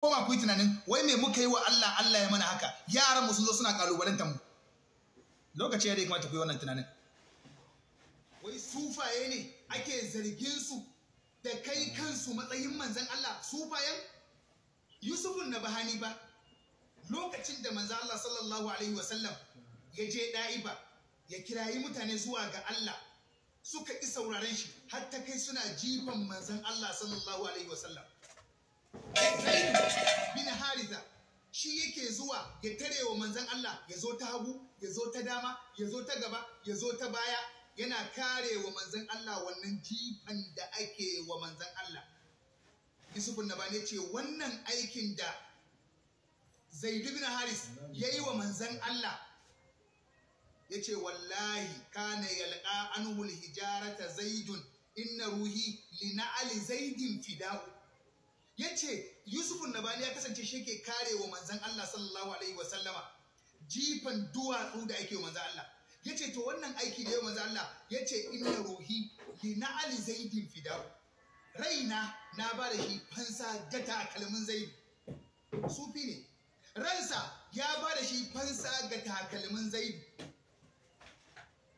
koma ku yi tunanin wai me muka yi wa Allah Allah ya mana haka yaran mu sun zo suna kalubalanta mu lokaci ya dai ta ku yi wannan tunanin wai sufaye ne ake zargin su da kai kansu matsayin manzon Allah sufayen Yusufun na bahani ba lokacin da manzon Allah sallallahu alaihi wasallam ya je da'iba ya kirayi mutane zuwa ga Allah suka isa wuraren shi har ta kai suna jifan manzon Allah sallallahu alaihi wasallam bin Haritha shi yake zuwa ya tarewa manzon Allah ya zo ta hagu ya zo ta dama ya zo ta gaba ya zo ta baya yana karewa manzan Allah wannan jifan da ake wa manzan Allah Yusufun bane ce wannan aikin da zaidu bin Haris ya yi wa manzan Allah ya ce wallahi kana yalƙa anhu alhijarata zaidun inna ruhi li na'ali zaidin fida'u yace Yusuf Nabali ya kasance shi ke kare wa manzan Allah sallallahu alaihi wa sallama jifan duwatsu da ake wa manzon Allah yace to wannan aiki da ya manzon Allah yace inna ruhi li Ali zaidin fidau raina na ba da shi fansa gata kalmin zaid sufi ne ransa ya ba da shi fansa ga takalmin zaid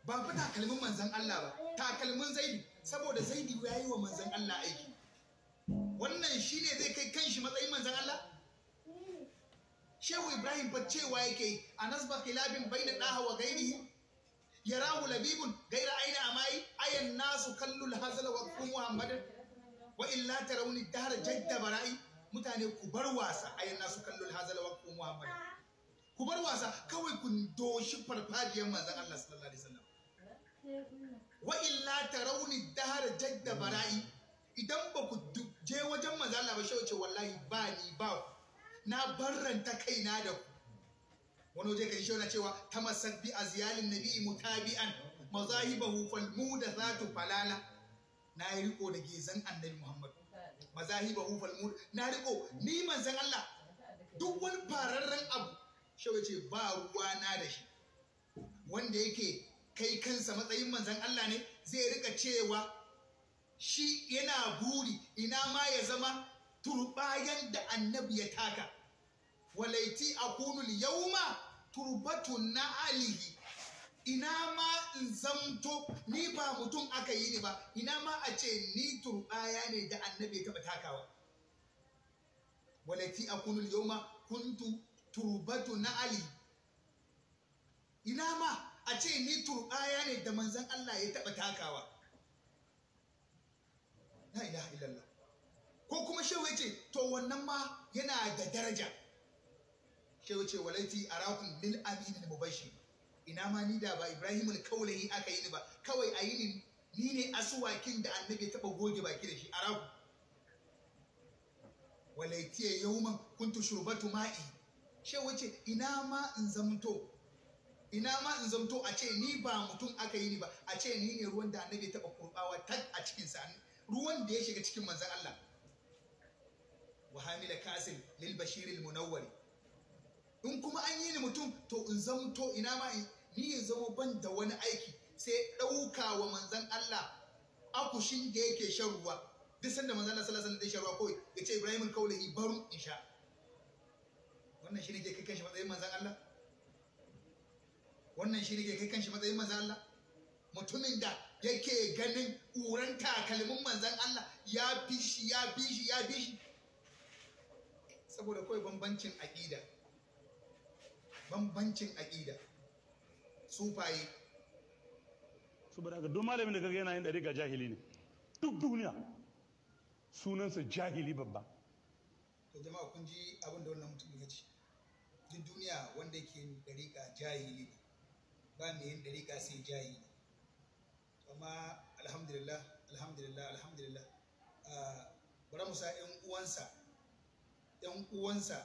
ba fi takalmin manzan Allah ba takalmin zaidi saboda zaidi ya yi wa manzan Allah aiki wannan shi ne zai kai kanshi matsayin manzan Allah shehu ibrahim ba cewa yake a ba khilabin baina daha wa gairihi yarahu labibun gaira aina amai ayan nasu kallul hazala wa kun muhammadin wa illa tarawni dahar jadda bara'i mutane ku bar wasa ayan nasu kallul hazala wa kun muhammadin ku bar wasa kawai ku doshi farfajiyar manzan Allah sallallahu alaihi wasallam wa illa tarawni dahar jadda bara'i idan ba ku je wajen manzo ba shi wallahi ba ni ba na barranta kaina da ku wani waje kai shi cewa tamassak bi azyalin nabi mutabi'an mazahibahu fal zatu falala na yi riko da gezan annabi Muhammad mazahibahu fal mud na riko ni manzan Allah duk wani fararren abu shi ce ba ruwa na da shi wanda yake kai kansa matsayin manzan Allah ne zai rika cewa shi yana buri ina ma ya zama turbayan da annabi ya taka walaiti akunul yauma turbatun na alihi ina ma in zamto ni ba mutum aka yi ni ba ina ma a ce ni turbaya ne da annabi ya taba takawa walaiti akunul yauma kuntu turbatu na alihi. ina ma a ce ni turbaya ne da manzan Allah ya taba takawa ilaha illallah ko kuma shehu ya ce to wannan ma yana da daraja shehu ce walaiti arakum bil amin mubashir ina ma ni da ba ibrahim al-kaulahi aka yi ni ba kawai a yi ni ne asuwakin da annabi taba goge baki da shi araku walaitiya yawman kuntu shurbatu ma'i shehu ce ina ma in zamto ina ma in zamto a ce ni ba mutum aka yi ni ba a ce ni ne ruwan da annabi taba kurbawa tak a cikin sa ruwan da ya shiga cikin manzan Allah wa hamila kasin lil bashiril munawwari in kuma an yi ni mutum to in zamto ina ma ni in zama ban da wani aiki sai ɗauka wa manzan Allah akushin da yake shan ruwa duk sanda manzan Allah sallallahu alaihi wasallam shan ruwa kawai ya ce Ibrahim kaulahi barun in sha wannan shine ke kai kanshi matsayin manzan Allah wannan shi ne ke kai kanshi matsayin manzan Allah mutumin da yake ganin ƙuran takalmin manzan Allah ya fi shi ya fi shi ya fi shi saboda kawai bambancin aƙida bambancin aƙida sufaye saboda ga duk malamin da kaga yana yin ga jahili ne duk duniya sunansa jahili babba to jama'a kun ji abin da wannan mutum ya ce duk duniya wanda yake yin ɗariƙa jahili ne ba mai yin dariƙa sai jahili amma alhamdulillah alhamdulillah alhamdulillah ah, bari mu 'yan uwansa 'yan uwansa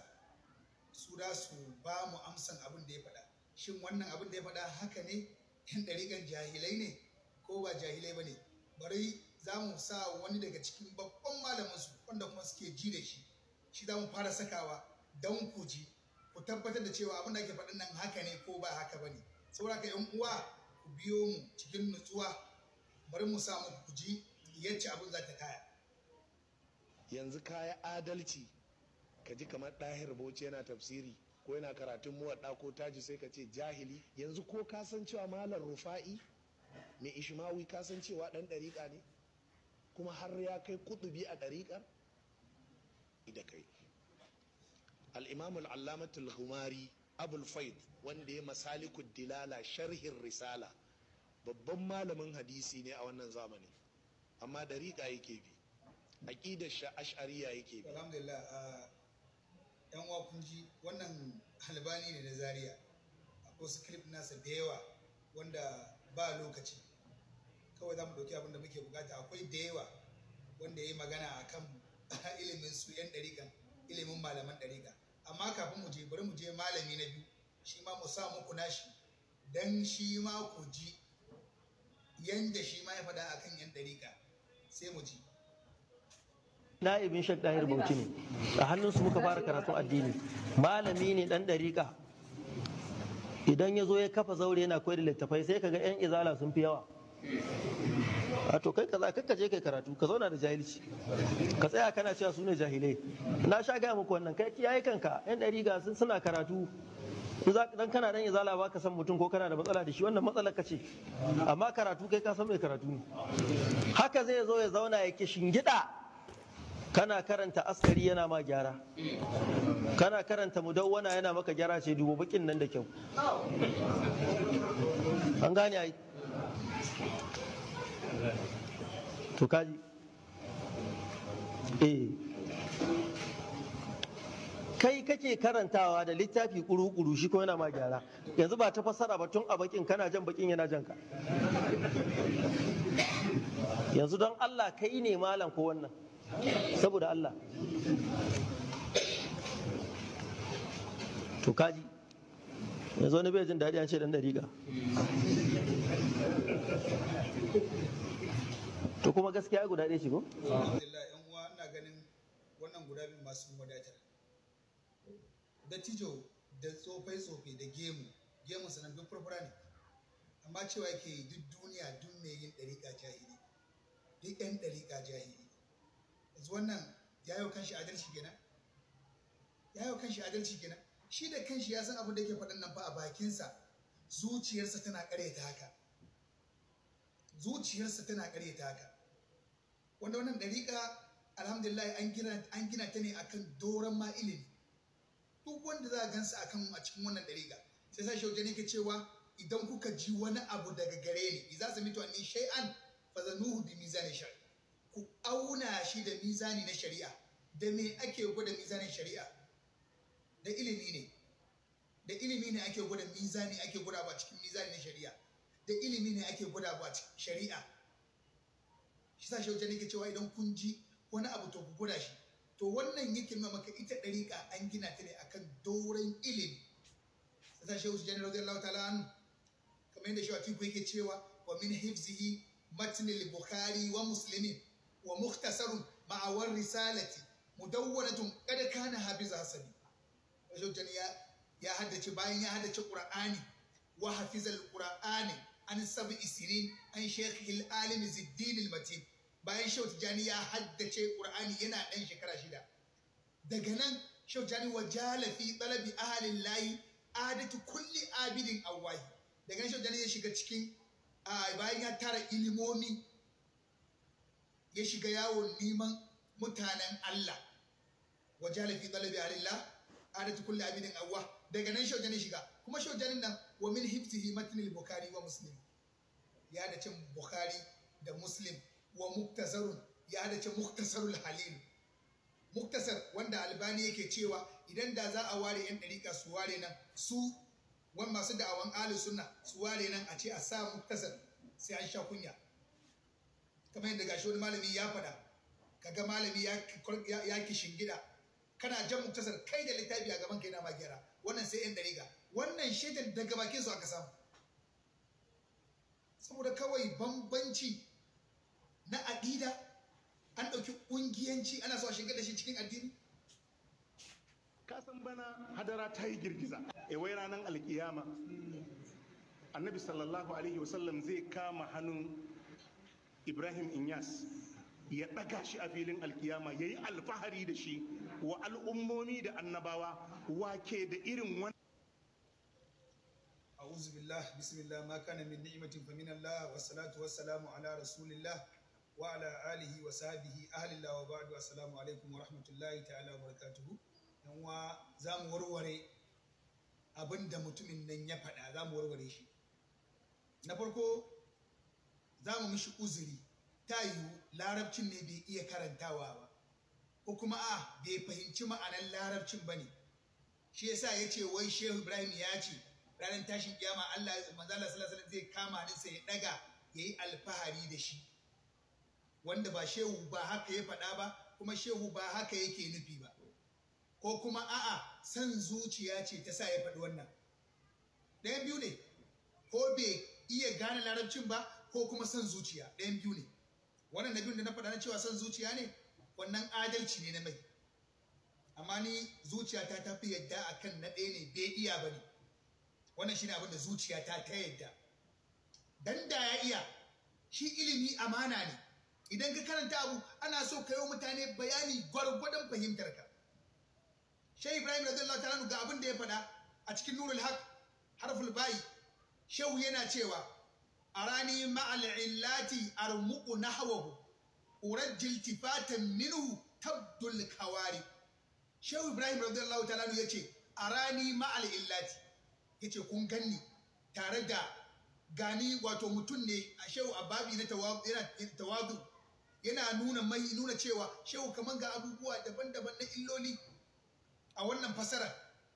su da su ba mu amsan abin da ya faɗa shin wannan abin da ya faɗa haka ne yan ɗariƙan jahilai ne ko ba jahilai ba ne bari za mu sa wani daga cikin babban su wanda kuma suke ji da shi shi za mu fara sakawa don ku ji ku tabbatar da cewa abin da ake faɗin nan haka ne ko ba haka ba ne saboda ka 'yan uwa ku biyo mu cikin nutsuwa bari mu samu kuji yacce abin za ta kaya yanzu kaya adalci ka ji kamar ɗahir bauchi yana tafsiri ko yana karatun muwaɗa ko taji sai ka ce jahili yanzu ko ka san cewa malar rufa'i mai ishmawi ka san cewa ɗan ɗariƙa ne kuma har ya kai kuɗubi a ɗariƙar da kai al'imamul allamatul humari abul faid wanda ya masaliku dilala sharhin risala babban malamin hadisi ne a wannan zamani amma dariƙa yake bi aƙidar ash'ariya yake bi alhamdulillah yan uwa kun ji wannan albani ne na Zariya. akwai script nasa da yawa wanda ba lokaci kawai za mu ɗauki abin da muke bukata akwai da yawa wanda ya yi magana a kan ilimin su yan ɗarika. ilimin malaman ɗarika. amma kafin mu je bari mu je malami na biyu shi ma mu sa muku nashi dan shi ma ku ji yanda shi ma ya faɗa kan yan dariƙa sai mu ci. na'ibin shek ɗahir bauchi ne a hannunsu muka fara karatun addini malami ne ɗan dariƙa idan ya zo ya kafa zaure yana koyar da littafai sai ka ga yan izala sun fi yawa a to kai kaza ka je kai karatu ka zauna da jahilci ka tsaya kana cewa su ne jahilai na sha gaya muku wannan kai kiyaye kanka yan ɗariƙa suna karatu dan kana dan izala ba ka san mutum ko kana da matsala da shi wannan matsalar ka ce amma karatu kai ka san mai karatu ne haka zai zo ya zauna ya gida kana karanta askari yana ma gyara kana karanta mudawwana yana maka gyara ce dubo bakin nan da kyau an gane ai to kaji eh kai kake karantawa da littafi kuru-kuru shi ko yana ma gyara yanzu ba ta fassara ba tun a bakin kana jan bakin yana jan ka yanzu don Allah kai ne malam ko wannan saboda Allah to kaji yanzu wani bai jin daɗi an ce dan riga, to kuma gaskiya guda ɗaya shi ko? Alhamdulillah yan uwa ina ganin wannan guda biyu masu wadatar da tijo da tsofai-tsofai da gemu gemu sanan duk furfura ne amma cewa ke duk duniya duk mai yin ɗariƙa jahili duk ɗan ɗariƙa jahili yanzu wannan ya yau kanshi adalci kenan ya yau kanshi adalci kenan shi da kanshi ya san abin da yake faɗin nan fa a bakinsa zuciyarsa tana ƙaryata haka zuciyarsa tana ƙaryata haka wanda wannan ɗariƙa alhamdulillah an gina ta ne akan doron ma ilimi duk wanda za a a kan a cikin wannan dariga sai sa shauke ne ke cewa idan kuka ji wani abu daga gare ni za idza samitu ni shay'an fazanuhu bi mizani shari'a ku auna shi da mizani na shari'a da me ake gwada mizanin shari'a da ilimi ne da ilimi ne ake gwada mizani ake gwada ba cikin mizani na shari'a da ilimi ne ake gwada ba cikin shari'a shi sa shauke ne ke cewa idan kun ji wani abu to ku gwada shi to wannan yake ma maka ita ɗariƙa an gina ta ne akan doron ilimi sai shehu sujani radiyallahu lauta la'anu kamar yadda shewa atiku yake cewa wa min hifzihi matnil bukhari wa Musulmi wa mukhtasarun ma'awar risalati mudawwanatun kada kana hafiza hasani shehu sujani ya ya haddace bayan ya haddace qur'ani wa hafizal qur'ani an sab'i isirin an shaykh alim ziddin al bayan Shehu Tijjani ya haddace ƙur'ani yana ɗan shekara shida daga nan Shehu Tijjani wa jalafi ɗalabi ahalin layi adatu kulli abidin awwahi daga nan Shehu Tijjani ya shiga cikin bayan ya tara ilimomi ya shiga yawon neman mutanen Allah wa jalafi ɗalabi ahalin layi adatu kulli abidin awwa daga nan Shehu Tijjani shiga kuma Shehu Tijjani nan wa min hifzihi matnil bukhari wa muslim ya da cin bukhari da muslim wa muktasarun ya ce muktasarul halil muktasar wanda albani yake cewa idan da za a ware yan dariƙa su ware nan su wani masu da'awan ahlus sunna su ware nan a ce a sa muktasar sai an sha kunya kamar yadda gashi wani malami ya faɗa kaga malami ya ki shingida kana jan muktasar kai da littafi a gaban kai na gyara wannan sai yan dariƙa wannan shaidar daga bakin su aka samu saboda kawai bambanci na aƙida an ɗauki ƙungiyanci ana so a shiga da shi cikin addini kasan bana hadara ta yi girgiza e, wai ranar alkiyama annabi sallallahu alaihi wasallam zai kama hannun ibrahim inyas ya ɗaga shi a filin alkiyama ya yi alfahari da shi wa al'ummomi da annabawa wake da irin wani أعوذ بالله بسم الله ما كان من نعمة فمن الله والصلاة والسلام على رسول wa ala alihi wa sahbihi ahlillah wa ba'du alaikum wa rahmatullahi ta'ala wa barakatuhu wa mu warware abin da mutumin nan ya faɗa mu warware shi na farko za mu mishi uzuri ta yiwu larabcin ne bai iya karantawa ba ko kuma a bai fahimci ma'anar larabcin ba ne shi ya sa ya ce wai shehu ibrahim ya ce ranar tashin kiyama allah manzala zai kama ni ya daga ya yi alfahari da shi wanda ba shehu ba haka ya faɗa ba kuma shehu ba haka yake nufi ba ko kuma a'a san zuciya ce ta sa ya faɗi wannan ɗayan biyu ne ko bai iya gane larabcin ba ko kuma san zuciya ɗayan biyu ne wannan na biyun da na faɗa na cewa san zuciya ne wannan adalci ne na mai amma ni zuciyata ta fi yadda akan na ɗaya ne bai iya ba ne wannan shine abin da zuciyata ta yadda dan da ya iya shi ilimi amana ne idan ka karanta abu ana so ka yi mutane bayani gwargwadon fahimtar ka shehu ibrahim radiyallahu ta'ala ga abin da ya faɗa a cikin nurul haq harful bayi shehu yana cewa arani ma'al illati armuqu nahwahu urajjil tifatan minhu tabdul kawari shehu ibrahim radiyallahu ta'ala yace arani ma'al illati ce kun ganni tare da gani wato mutum ne a shehu babi na tawadu yana nuna mai nuna cewa shehu kaman ga abubuwa daban-daban na illoli a wannan fasara.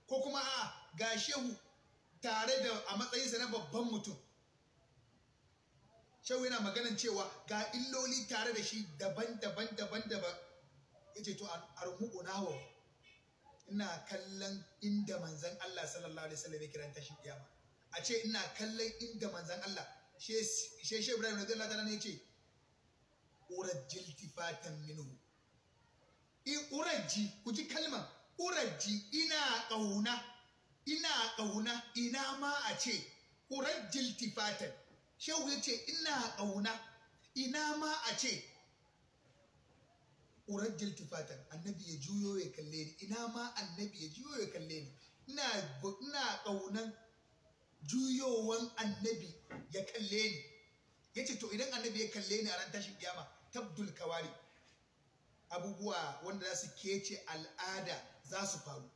ko kuma a ga shehu tare da a matsayinsa na babban mutum shehu yana maganan cewa ga illoli tare da shi daban-daban daban-daban ya ce to a armuku nawa ina kallon inda manzan Allah sallallahu alaihi wasallam ya kiranta shi kiyama a ce ina kallon inda manzan Allah she she Ibrahim radiyallahu ta'ala ne ya ce urajji iltifatan minhu in urajji ku ji kalmar ji ina ƙauna ina ƙauna ina ma a ce urajji iltifatan shehu ya ce ina ƙauna ina ma a ce jilti iltifatan annabi ya juyo ya kalle ni ina ma annabi ya juyo ya kalle ni ina ƙaunan juyowan annabi ya kalle ni ya ce to idan annabi ya kalle ni a ran tashin kiyama tabdul kawari abubuwa wanda za su kece al'ada za su faru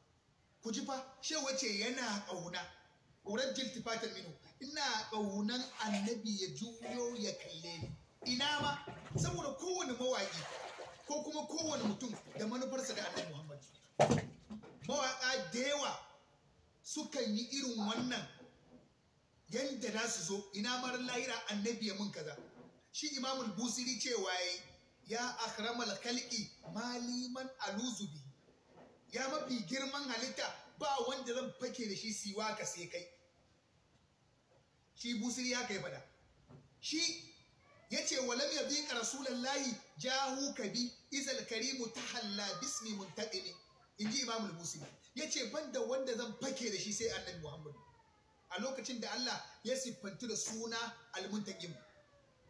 ku ji fa shi wace yana ƙauna ƙaunar jiltifatan minu ina ƙaunar annabi ya juyo ya kalle ni ina ma saboda kowane mawaki ko kuma kowane mutum da manufarsa da annabi muhammad mawaƙa da yawa sukan yi irin wannan yadda za su zo ina marar lahira annabi ya mun kaza shi imamul busiri cewa ya akramal kalki maliman aluzubi ya mafi girman halitta ba wanda zan fake da shi siwa ka sai kai shi busiri ya kai fada shi ya ce lam yabi ka rasulullahi jahu kabi izal karimu ta halla bismi ne in ji imamul busiri ya ce ban da wanda zan fake da shi sai annabi muhammadu a lokacin da allah ya siffantu da suna almuntaƙimu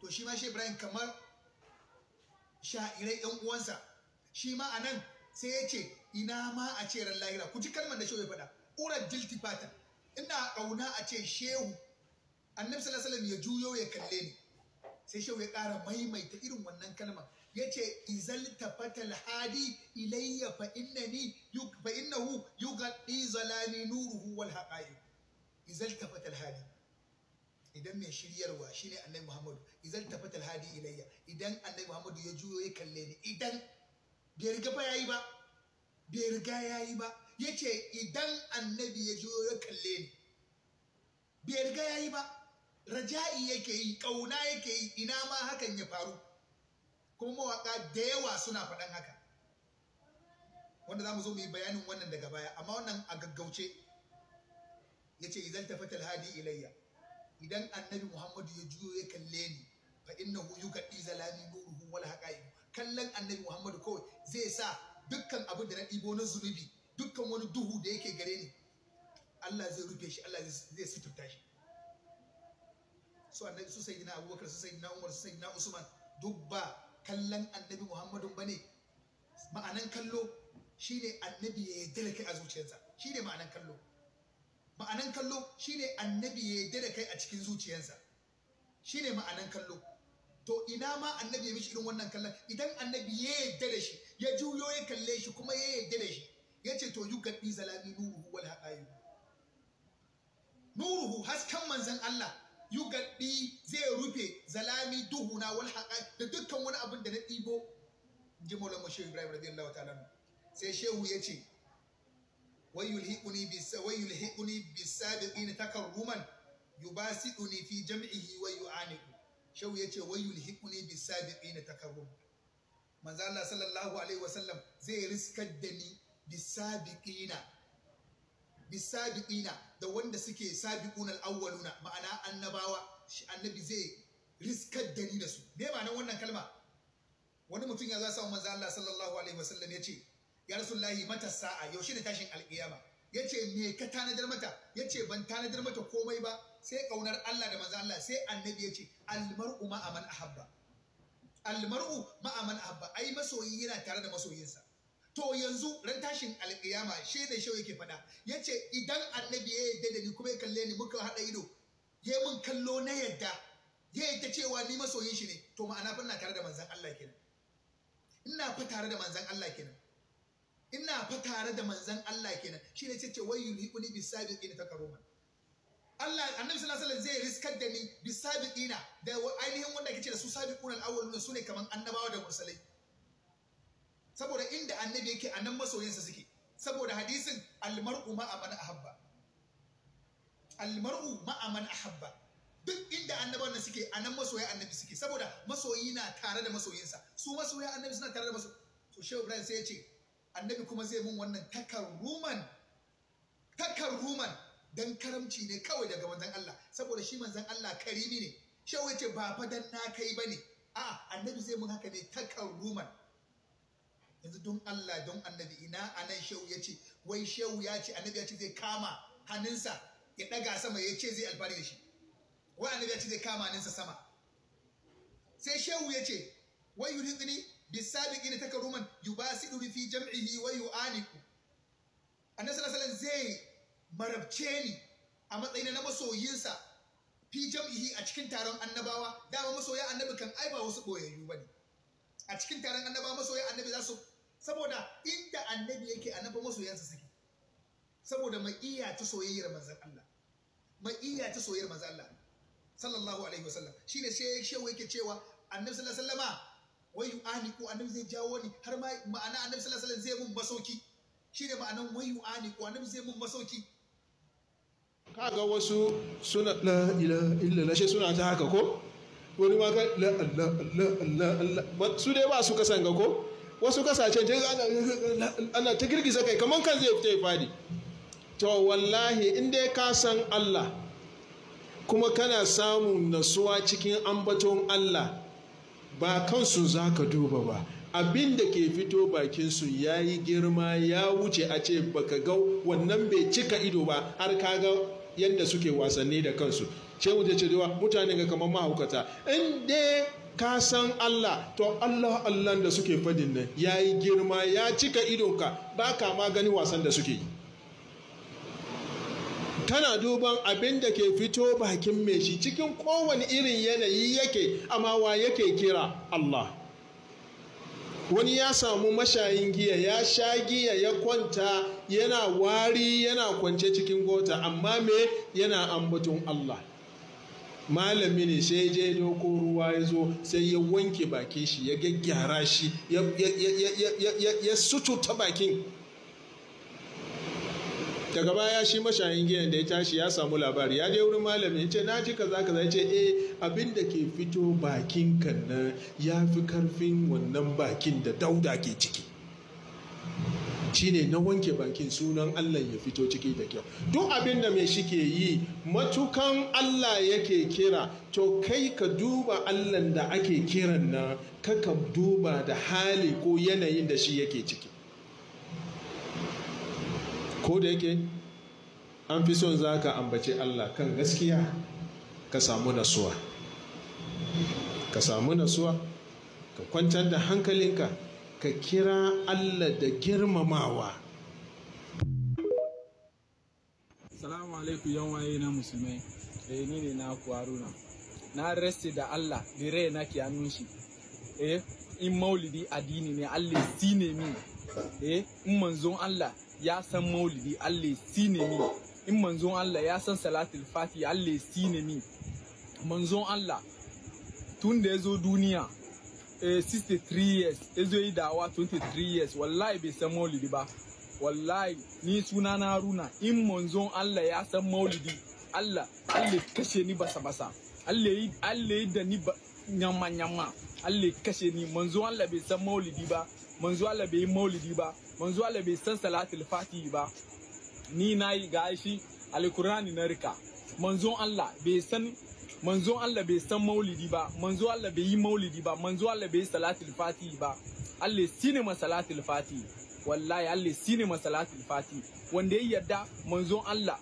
to shi ma shi ibrahim kamar sha'irai yan uwansa shi ma a nan sai ya ce ina ma a ce ran lahira ku ji kalmar da shehu ya faɗa urar jiltifatan ina ƙauna a ce shehu annabi sallallahu alaihi ya juyo ya kalle ni sai shehu ya ƙara maimaita irin wannan kalma ya ce izal tafatal hadi ilayya fa innani fa innahu yughaddi zalani nuruhu wal haqa'iq izal tafatal hadi idan mai shiryarwa shine annabi muhammadu idan tafatal hadi ilayya idan annabi muhammadu ya juyo ya kalle ni idan bai riga ba yayi ba bai riga yayi ba yace idan annabi ya juyo ya kalle ni bai riga yayi ba raja'i yake yi kauna yake yi ina ma hakan ya faru kuma mawaka da yawa suna faɗan haka wanda za mu zo mu yi bayanin wannan daga baya amma wannan a gaggauce ya ce idan tafatal hadi ilayya idan annabi muhammadu ya juyo ya kalle ni fa innahu yuqaddi zalami nuruhu wal haqaiq kallon annabi muhammadu kawai zai sa dukkan abu da na ɗibo na zunubi dukkan wani duhu da yake gare ni Allah zai rufe shi Allah zai suturta shi su annabi su na abubakar su na umar su na usman duk ba kallon annabi ba bane ma'anan kallo shine annabi ya yarda kai a zuciyarsa shine ma'anan kallo ma'anan kallo shine annabi ya yi da kai a cikin zuciyarsa shine ma'anan kallo to ina ma annabi ya mishi irin wannan kallon idan annabi ya yi da shi ya juyo ya kalle shi kuma ya yarda da shi ya ce to yi gaɗi zalami nuruhu wal haƙayu nuruhu hasken manzan Allah yi gaɗi zai rufe zalami duhuna wal haƙayu da dukkan wani abin da na ɗibo ji maulama shehu ibrahim radiyallahu ta'ala sai shehu ya ce wai yulhiquni bisa wai yulhiquni bisabiqina takarruman yubasiduni fi jam'ihi wa yu'aniku shau yace wai yulhiquni bisabiqina takarrum manzo Allah sallallahu alaihi wasallam zai riskar da ni bisabiqina bisabiqina da wanda suke sabiquna al-awwaluna ma'ana annabawa annabi zai riskar da ni da su me ma'anar wannan kalma wani mutum ya za samu manzo Allah sallallahu alaihi wasallam yace ya rasulullahi mata sa'a yaushe ne tashin alƙiyama yace me ka tanadar mata yace ban tanadar mata komai ba sai kaunar Allah da maza Allah sai annabi ce almar'u ma'aman ahabba almar'u ma'aman ahabba ai masoyi yana tare da masoyinsa to yanzu ran tashin alƙiyama shi da shi yake faɗa yace idan annabi ya yarda da ni kuma ya kalle ni muka haɗa ido ya mun kallo na yadda ya yarda cewa ni masoyin shi ne to ma'ana fa ina tare da manzon Allah kenan ina fa tare da manzon Allah kenan ina fa tare da manzan Allah kenan shine ne ce wai yulhiquni bisabiqina takaruman Allah annabi sallallahu alaihi wasallam zai riskar da ni ina da ainihin wanda kake da su sabiqun al-awwalun sune kaman annabawa da mursalai saboda inda annabi yake anan masoyansa suke saboda hadisin al-mar'u ma aman ahabba al-mar'u ma aman ahabba duk inda annabawan nan suke anan masoya annabi suke saboda masoyi na tare da masoyinsa su masoyi annabi suna tare da masoyi to shehu ibrahim sai ya ce annabi kuma zai mun wannan takarruman takarruman dan karamci ne kawai daga manzon Allah saboda shi manzon Allah karimi ne shi ce ba fa dan na kai bane a annabi zai mun haka ne takarruman yanzu don Allah don annabi ina anan shehu ya ce wai shehu ya ce annabi ya ce zai kama hannunsa ya daga sama ya ce zai alfari da shi wai annabi ya ce zai kama hannunsa sama sai shehu ya ce wai yuri bisabiqin takaruman duri fi jam'ihi wa yu'aniku annabi sallallahu alaihi zai marabce ni a matsayin na masoyinsa fi jam'ihi a cikin taron annabawa dama masoya annabi kan ai ba wasu boyayyu bane a cikin taron annabawa masoya annabi za su saboda inda annabi yake annabi masoyansa suke saboda maiya ta soyayyar manzon Allah maiya ta soyayyar manzon Allah sallallahu alayhi wa sallam. shine sai shehu yake cewa annabi sallallahu alaihi wasallama wayu ani ko annabi zai jawo ni har ma ma'ana annabi sallallahu alaihi wasallam zai mun masauki shine ma'anan wayu ani ko annabi zai mun masauki kaga wasu suna la ilaha la shi suna ta haka ko wani ma ka la Allah Allah Allah Allah su dai ba su kasanga ko wasu kasashen je ana ta girgiza kai kaman kan zai fita ya fadi to wallahi in dai ka san Allah kuma kana samun nasuwa cikin ambaton Allah ba kansu za ka duba ba abin da ke fito bakinsu ya yi girma ya wuce a ce ba baka ga wannan bai cika ido ba har ka ga yadda suke wasanni da kansu ce mu ce cewa mutane ga kamar mahaukata in dai ka san Allah to Allah Allah da suke fadin nan ya yi girma ya cika idonka ba ka ma gani wasan da suke yi Tana duban abin da ke fito bakin mai shi cikin kowane irin yanayi yake amma wa yake kira Allah wani ya samu mashayin giya ya sha giya ya kwanta yana wari yana kwance cikin gota amma me yana ambaton Allah malami ne sai je doko ruwa ya zo sai ya wanke bakin shi ya gyaggyara shi ya sututa bakin daga baya shi mashayin giyan da ya tashi ya samu labari ya je wurin malami ya ce na ji kaza kaza ya ce e abin da ke fito bakin kan na ya fi karfin wannan bakin da dauda ke ciki shine na wanke bakin sunan Allah ya fito ciki da kyau duk abin da mai shi ke yi matukan Allah yake kira to kai ka duba Allah da ake kiran na kaka duba da hali ko yanayin da shi yake ciki ko da yake an fi son za ka ambaci Allah kan gaskiya ka samu nasuwa ka samu nasuwa ka kwantar da hankalinka ka kira Allah da girmamawa salamu alaikum yan waye na musulmai eh ni ne na kwaruna na resti da Allah da rai na ke hannun shi eh in maulidi addini ne Allah ne min eh in manzon Allah ya san maulidi Allah si ne min in manzon Allah ya san salatul fati Allah si ne min manzon Allah tun da ya zo duniya 63 eh, years ya zo yi dawa 23 years wallahi bai san maulidi ba wallahi ni suna na runa in manzon Allah ya san maulidi Allah Allah kashe ni basa basa Allah yi da ni nyama nyama Allah kashe ni manzon Allah bai san maulidi ba manzo Allah bai yi maulidi ba manzo Allah bai san salatul fatihi ba ni nayi ga shi alkurani na rika manzo Allah bai san manzo Allah bai san maulidi ba manzo Allah bai yi maulidi ba manzo Allah bai yi salatul fatihi ba Allah sine ma salatul fatihi wallahi Allah sine ma salatul fatihi wanda ya yarda manzo Allah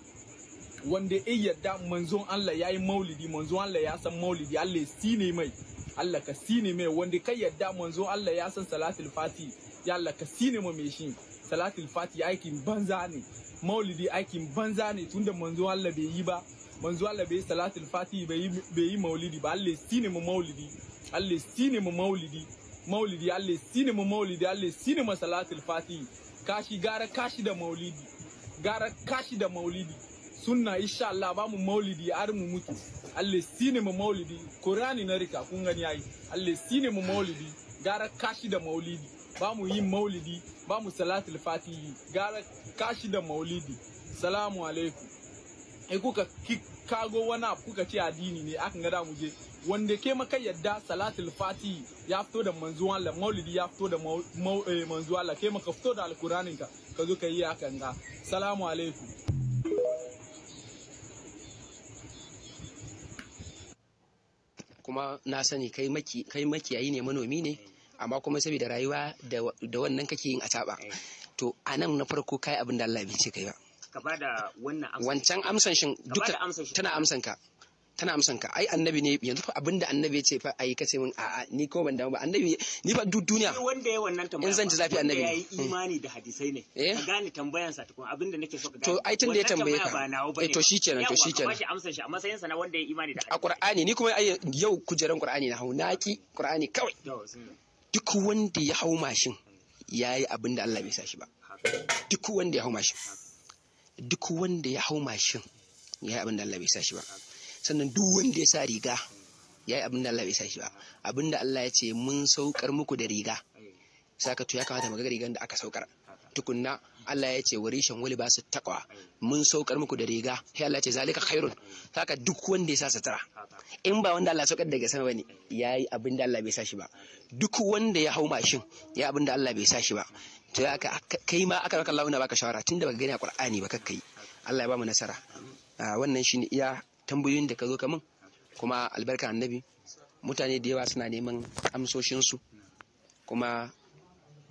wanda ya yarda manzo Allah ya yi maulidi manzo Allah ya san maulidi Allah sine mai Allah ka sine mai wanda kai yadda manzo Allah ya san salatul fati ya Allah ka sine mu mai shi salatul fati aikin banza ne maulidi aikin banza ne tunda manzo Allah bai yi ba manzo Allah bai salatul fati bai yi maulidi ba Allah sine mu maulidi Allah sine mu maulidi maulidi Allah sine mu maulidi Allah sine mu salatul fati kashi gara kashi da maulidi gara kashi da maulidi sunna insha Allah ba mu maulidi har mu mutu Allah sine mu maulidi Qur'ani na rika kun gani ai Allah sine mu maulidi gara kashi da maulidi ba mu yin maulidi ba mu salatul fatihi gara kashi da maulidi salamu alaikum ai eh, kuka kago wani abu kuka ce addini ne akan ga da mu je wanda ke maka yadda salatul fatihi ya fito da manzo Allah maulidi ya fito da eh, manzo Allah ke maka fito da alqur'anin ka ka zo ka yi hakan ga salamu alaikum kuma na sani kai kai makiyayi ne manomi ne amma kuma saboda rayuwa da wannan kake yin acaba to a nan na farko kai abin da Allah bai ce ba ka bada wannan wancan amsan shin duka tana amsan ka tana amsan ka ai annabi ne yanzu fa abinda annabi ce fa ai kace min a'a ni ko ban damu ba annabi ni ba duk duniya wanda ya wannan tambaya in zan ji zafi annabi ne yayi imani da hadisai ne eh? ka gane tambayan sa tukun abinda nake so ka gane to ai tunda ya tambaye ka eh to shikenan to shikenan yawa amsan shi amma matsayin sa na wanda ya imani da hadisai a qur'ani ni kuma ai yau kujeran qur'ani na hau naki qur'ani kawai duk wanda ya hau mashin yayi abinda Allah bai sa shi ba duk wanda ya hau mashin duk wanda ya hau mashin yayi abinda Allah bai sa shi ba sannan duk wanda ya sa riga ya yi abin da Allah bai sa shi ba abin da Allah ya ce mun saukar muku da riga saka to ya kamata mu ga rigan da aka saukar tukunna Allah ya ce warishan wali ba su takwa mun saukar muku da riga sai Allah ya ce zalika khairun saka duk wanda ya sa sutura in ba wanda Allah saukar daga sama bane yayi abin da Allah bai sa shi ba duk wanda ya hau mashin ya abin da Allah bai sa shi ba to ya kai ma aka raka Allah ba baka shawara tunda baka gani a Qur'ani ba kakkai Allah ya ba mu nasara ah, wannan shine iya tambayoyin da ka zo ka min kuma albarka annabi mutane da yawa suna neman amsoshinsu kuma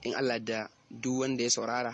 in Allah da duk wanda ya saurara